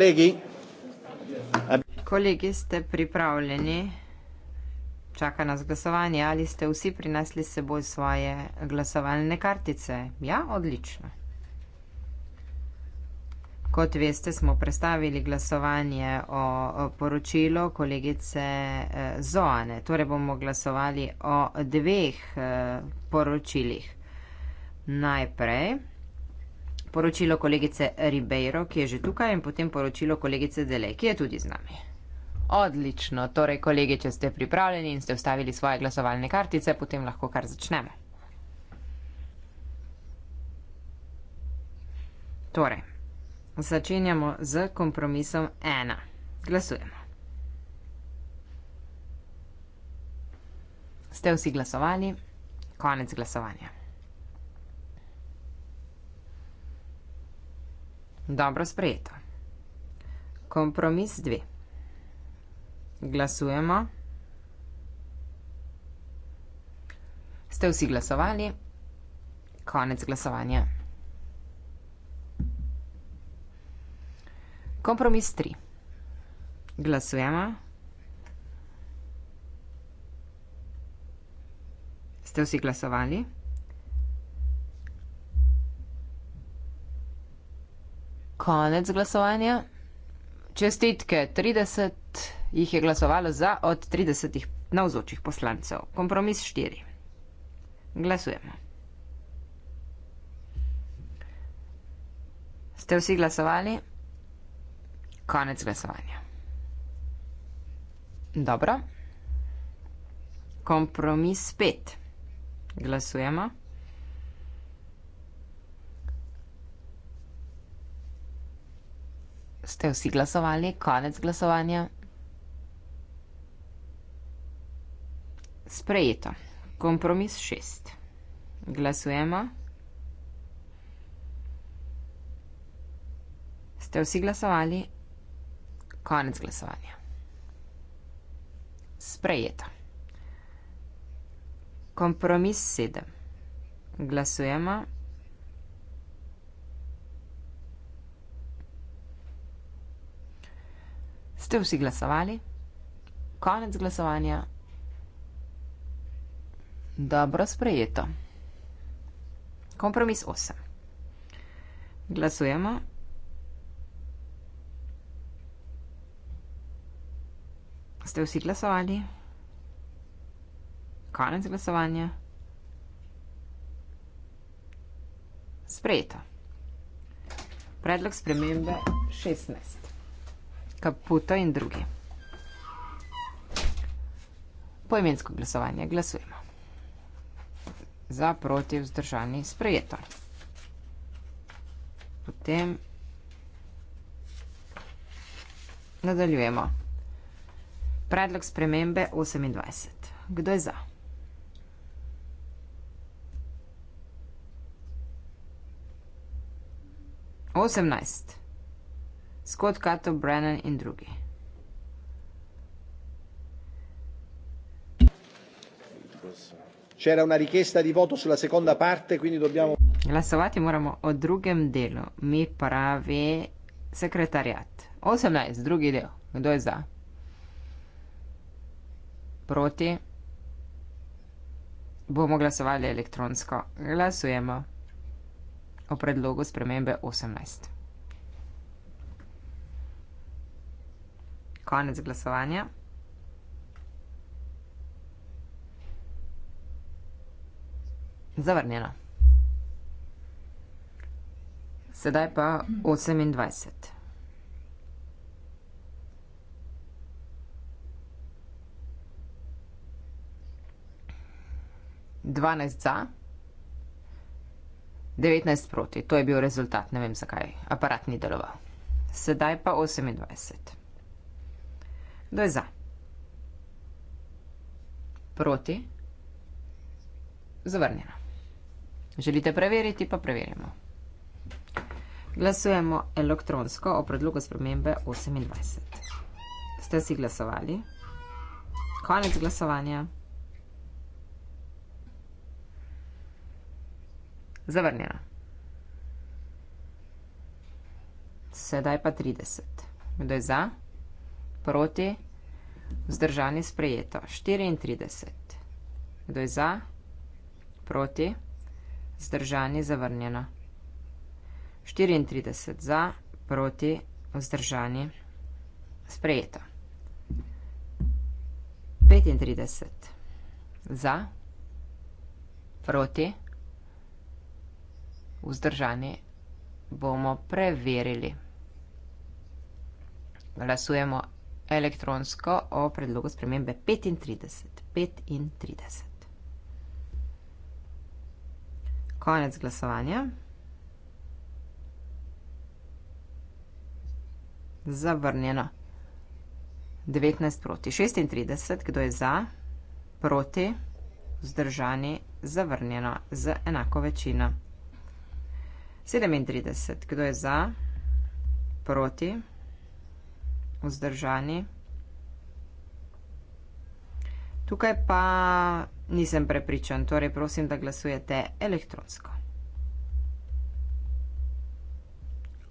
Kolegi. Kolegi, ste pripravljeni? Čaka nas glasovanje. Ali ste vsi prinesli seboj svoje glasovalne kartice? Ja, odlično. Kot veste, smo predstavili glasovanje o poročilu kolegice e, Zoane. Torej bomo glasovali o dveh e, poročilih. Najprej poročilo kolegice Ribeiro, ki je že tukaj, in potem poročilo kolegice Delej, ki je tudi z nami. Odlično, torej kolegi, če ste pripravljeni in ste vstavili svoje glasovalne kartice, potem lahko kar začnemo. Torej, začenjamo z kompromisom ena. Glasujemo. Ste vsi glasovali? Konec glasovanja. Dobro sprejeto. Kompromis 2. Glasujemo. Ste vsi glasovali? Konec glasovanja. Kompromis 3. Glasujemo. Ste vsi glasovali? konec glasovanja. Čestitke, 30 jih je glasovalo za od 30 navzočih poslancev. Kompromis 4. Glasujemo. Ste vsi glasovali? Konec glasovanja. Dobro. Kompromis 5. Glasujemo. Ste vsi glasovali? Konec glasovanja. Sprejeto. Kompromis šest. Glasujemo. Ste vsi glasovali? Konec glasovanja. Sprejeto. Kompromis sedem. Glasujemo. Ste vsi glasovali? Konec glasovanja. Dobro sprejeto. Kompromis 8. Glasujemo. Ste vsi glasovali? Konec glasovanja. Sprejeto. Predlog spremembe 16. Kaputa in drugi. Poimensko glasovanje glasujemo. Za, proti, vzdržani, sprejeto. Potem nadaljujemo. Predlog spremembe 28. Kdo je za? Osemnajst. Scott Cato, Brennan in drugi. C'era una richiesta di voto sulla seconda parte, quindi dobbiamo... Glasovati moramo o drugem delu. Mi pravi sekretariat. 18, drugi del. Kdo je za? Proti? Bomo glasovali elektronsko. Glasujemo o predlogu spremembe 18. konec glasovanja. Zavrnjeno. Sedaj pa 28. Dvanajst za, devetnajst proti. To je bil rezultat, ne vem zakaj. Aparat ni deloval. Sedaj pa osemindvajset. Kdo je za? Proti? Zavrnjeno. Želite preveriti, pa preverimo. Glasujemo elektronsko o predlogu spremembe 28. Ste si glasovali? Konec glasovanja. Zavrnjeno. Sedaj pa 30. Kdo je za? Proti. Vzdržani sprejeto. 34. Kdo je za? Proti. Vzdržani zavrnjeno. 34 za, proti, vzdržani, sprejeto. 35 za, proti, vzdržani, bomo preverili. Glasujemo elektronsko o predlogu spremembe 35. 35. Konec glasovanja. Zavrnjeno. 19 proti 36. Kdo je za? Proti. Zdržani. Zavrnjeno. Z enako večino. 37. Kdo je za? Proti vzdržani. Tukaj pa nisem prepričan, torej prosim, da glasujete elektronsko.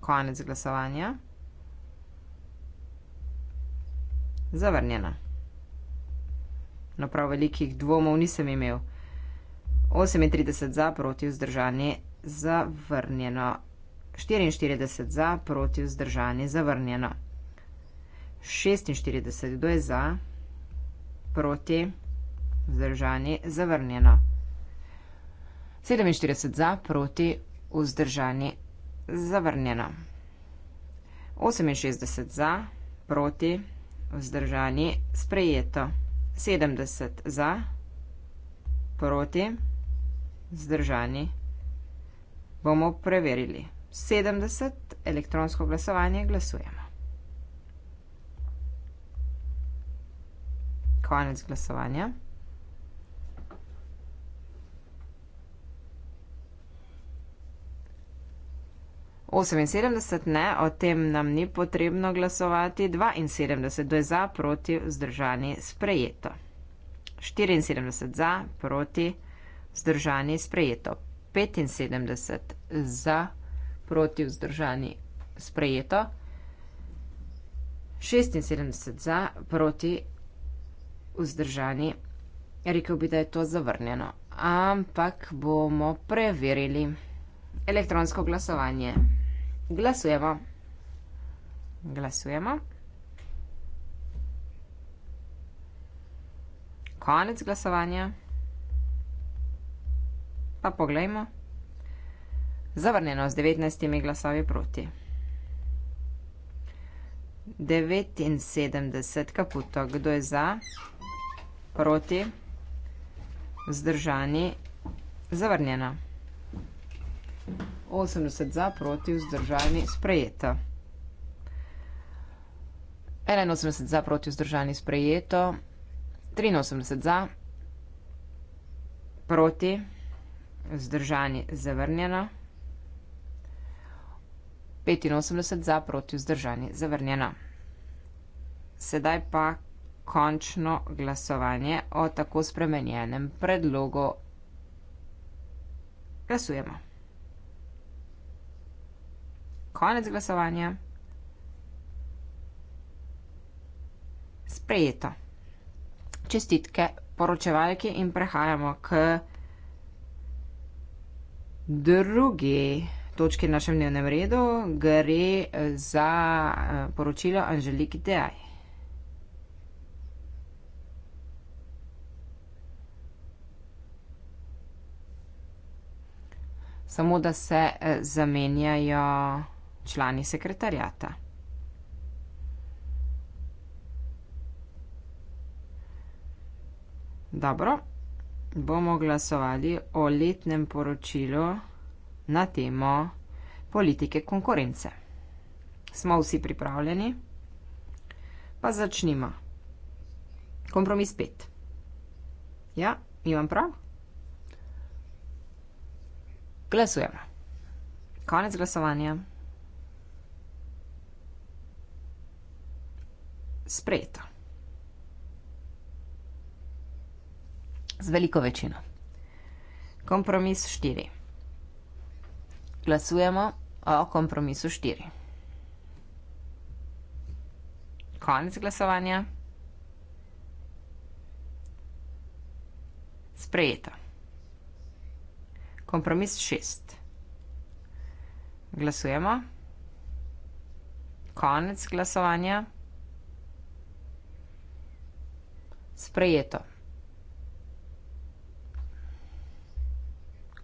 Konec glasovanja. Zavrnjena. No prav velikih dvomov nisem imel. 38 za proti vzdržani zavrnjeno. 44 za proti vzdržani zavrnjeno. 46, kdo je za, proti, vzdržani, zavrnjeno. 47 za, proti, vzdržani, zavrnjeno. 68 za, proti, vzdržani, sprejeto. 70 za, proti, vzdržani. Bomo preverili. 70 elektronsko glasovanje glasujem. konec glasovanja. Oseminsedemdeset ne, o tem nam ni potrebno glasovati. Dvainsedemdeset je za, proti, vzdržani, sprejeto. Štiriinsedemdeset za, proti, vzdržani, sprejeto. Petinsedemdeset za, proti, vzdržani, sprejeto. Šestinsedemdeset za, proti, vzdržani, rekel bi, da je to zavrnjeno. Ampak bomo preverili elektronsko glasovanje. Glasujemo. Glasujemo. Konec glasovanja. Pa poglejmo. Zavrnjeno z 19 glasovi proti. 79 kaputo. Kdo je za? proti, vzdržani, zavrnjena. 80 za, proti, vzdržani, sprejeta. 81 za, proti, vzdržani, sprejeto. 83 za, proti, vzdržani, zavrnjena. 85 za, proti, vzdržani, zavrnjena. Sedaj pa končno glasovanje o tako spremenjenem predlogu. Glasujemo. Konec glasovanja. Sprejeto. Čestitke poročevalke in prehajamo k drugi točki našem dnevnem redu. Gre za eh, poročilo Anželiki Dejaj. samo da se eh, zamenjajo člani sekretarjata. Dobro, bomo glasovali o letnem poročilu na temo politike konkurence. Smo vsi pripravljeni? Pa začnimo. Kompromis 5. Ja, imam prav? Glasujemo. Konec glasovanja. Sprejeto. Z veliko večino. Kompromis 4. Glasujemo o kompromisu 4. Konec glasovanja. Sprejeto. Kompromis šest. Glasujemo. Konec glasovanja. Sprejeto.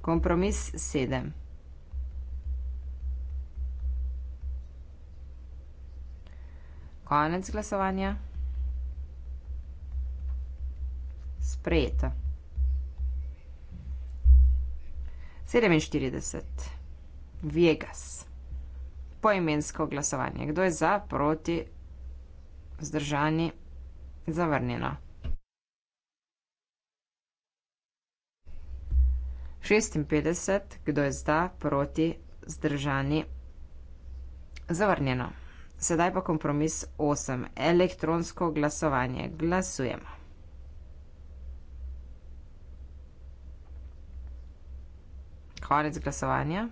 Kompromis sedem. Konec glasovanja. Sprejeto. 47. Vegas. Poimensko glasovanje. Kdo je za, proti, vzdržani, zavrnjeno. 56. Kdo je za, proti, vzdržani, zavrnjeno. Sedaj pa kompromis 8. Elektronsko glasovanje. Glasujemo. Konec glasovanja.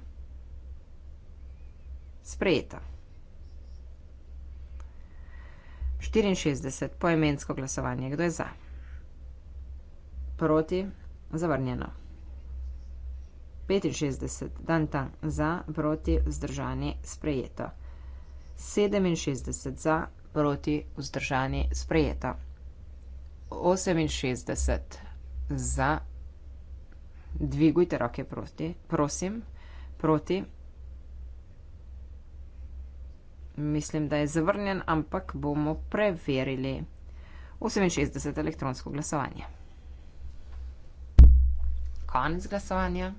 Sprejeta. 64. Poemensko glasovanje. Kdo je za? Proti. Zavrnjeno. 65. Dan tam za, proti, vzdržani, sprejeto. 67. Za, proti, vzdržani, sprejeto. 68. Za, dvigujte roke proti, prosim, proti. Mislim, da je zavrnjen, ampak bomo preverili 68 elektronsko glasovanje. Konec glasovanja.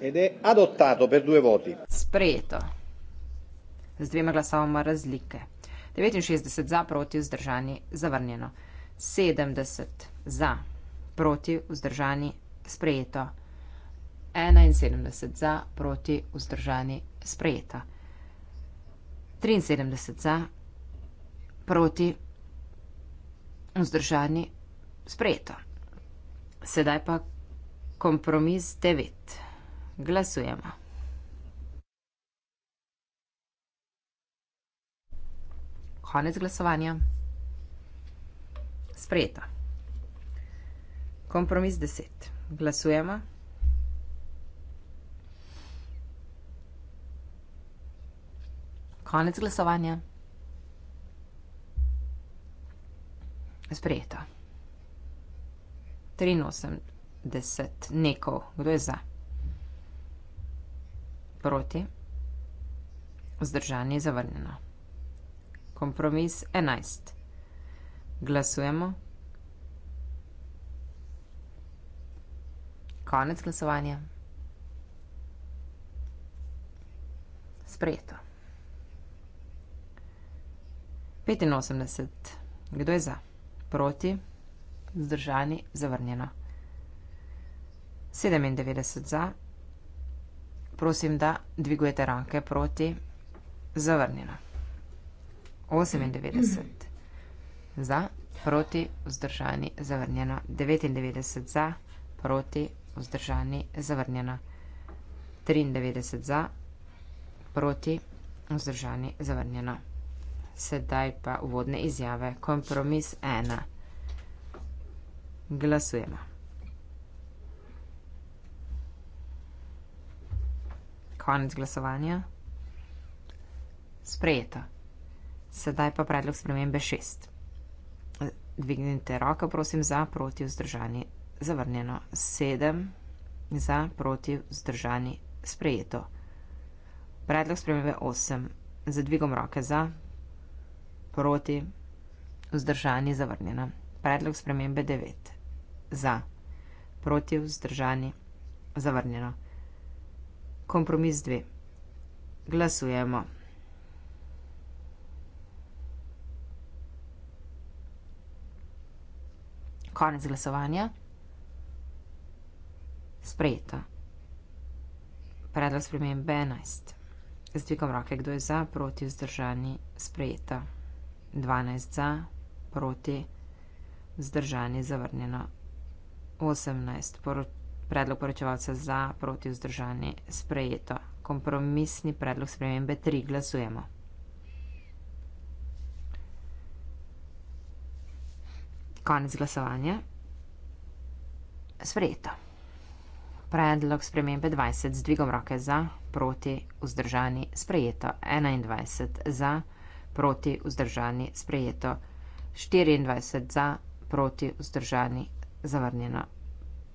Ed je adottato per due voti. Sprejeto. Z dvema glasovoma razlike. 69 za, proti, vzdržani, zavrnjeno. 70 za, proti vzdržani sprejeto. 71 za, proti vzdržani sprejeto. 73 za, proti vzdržani sprejeto. Sedaj pa kompromis 9. Glasujemo. Konec glasovanja. Sprejeto. Kompromis deset. Glasujemo. Konec glasovanja. Sprejeto. 83 nekov. Kdo je za? Proti. Vzdržanje je zavrnjeno. Kompromis 11. Glasujemo. konec glasovanja. Sprejeto. 85. Kdo je za? Proti? Zdržani? Zavrnjeno. 97 za. Prosim, da dvigujete roke proti. Zavrnjeno. 98 za. Proti? Zdržani? Zavrnjeno. 99 za. Proti? vzdržani, zavrnjena. 93 za, proti, vzdržani, zavrnjena. Sedaj pa uvodne izjave. Kompromis 1. Glasujemo. Konec glasovanja. Sprejeto. Sedaj pa predlog spremembe 6. Dvignite roko, prosim, za, proti, vzdržani, zavrnjeno, sedem za, proti, vzdržani, sprejeto. Predlog spremembe 8. Za dvigom roke za, proti, vzdržani, zavrnjeno. Predlog spremembe 9. Za, proti, vzdržani, zavrnjeno. Kompromis 2. Glasujemo. Konec glasovanja sprejeta. Predlog spremembe 11. Z dvigom roke, kdo je za, proti, vzdržani, sprejeta. 12 za, proti, vzdržani, zavrnjeno. 18. Poro predlog poročevalca za, proti, vzdržani, sprejeto. Kompromisni predlog spremembe 3. Glasujemo. Konec glasovanja. Sprejeto. Predlog spremembe 20 z dvigom roke za, proti, vzdržani, sprejeto 21 za, proti, vzdržani, sprejeto 24 za, proti, vzdržani, zavrnjeno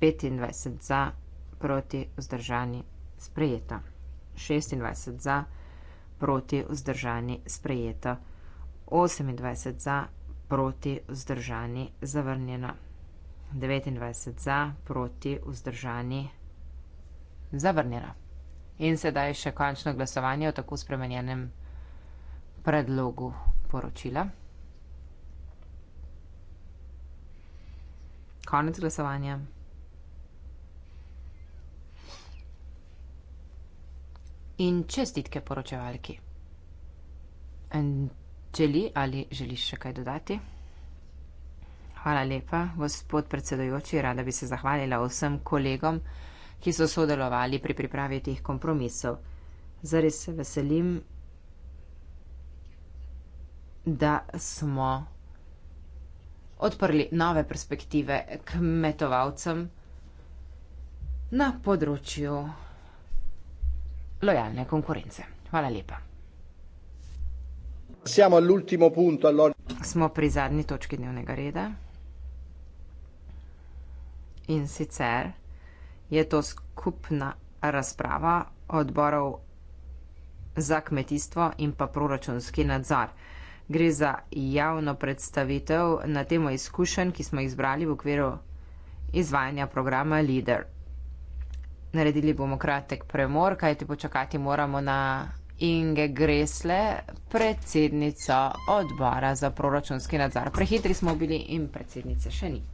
25 za, proti, vzdržani, sprejeto 26 za, proti, vzdržani, sprejeto 28 za, proti, vzdržani, zavrnjeno 29 za, proti, vzdržani, sprejeto zavrnjena. In sedaj je še končno glasovanje o tako spremenjenem predlogu poročila. Konec glasovanja. In čestitke poročevalki. Želi ali želiš še kaj dodati? Hvala lepa, gospod predsedojoči, rada bi se zahvalila vsem kolegom ki so sodelovali pri pripravi teh kompromisov. Zares se veselim, da smo odprli nove perspektive kmetovalcem na področju lojalne konkurence. Hvala lepa. Siamo all'ultimo punto. Allora. Smo pri zadnji točki dnevnega reda. In sicer je to skupna razprava odborov za kmetijstvo in pa proračunski nadzor. Gre za javno predstavitev na temo izkušenj, ki smo jih zbrali v okviru izvajanja programa LEADER. Naredili bomo kratek premor, kaj ti počakati moramo na Inge Gresle, predsednico odbora za proračunski nadzor. Prehitri smo bili in predsednice še ni.